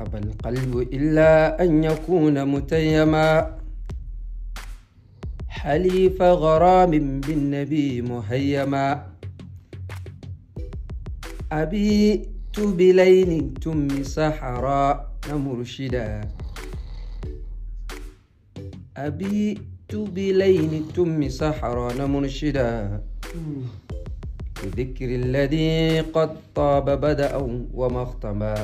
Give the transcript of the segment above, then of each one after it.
أبى القلب إلا أن يكون متيما حليف غرام بالنبي مهيما أبيت بليل تم سحرا مرشدا أبيت بليل تم سحرا مرشدا بذكر الذي قد طاب بدأ وما اختمى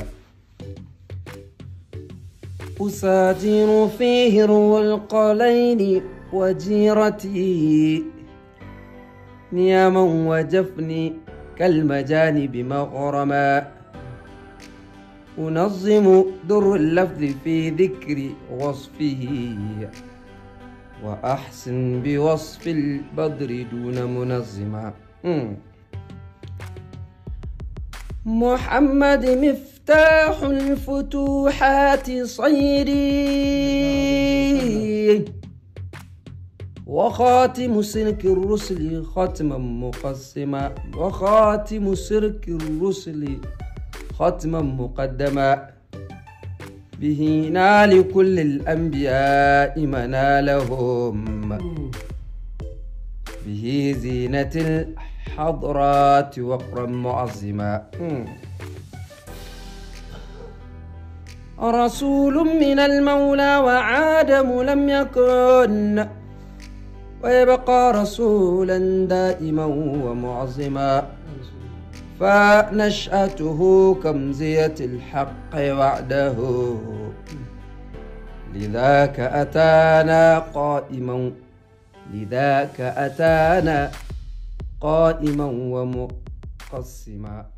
أساجر فيه رولق القلين وجيرتي نياما وجفني كالمجانب مغرما أنظم در اللفظ في ذكر وصفه وأحسن بوصف البدر دون منظما محمد مف مفتاح الفتوحات صيري وخاتم سلك الرسل ختما مقسما وخاتم سلك الرسل ختما مقدما به نال كل الأنبياء منالهم به زينة الحضرات وقرا معظما رسول من المولى وعادم لم يكن ويبقى رسولا دائما ومعظما فنشأته كمزية الحق وعده لذاك أتانا قائما لذاك أتانا قائما ومقسما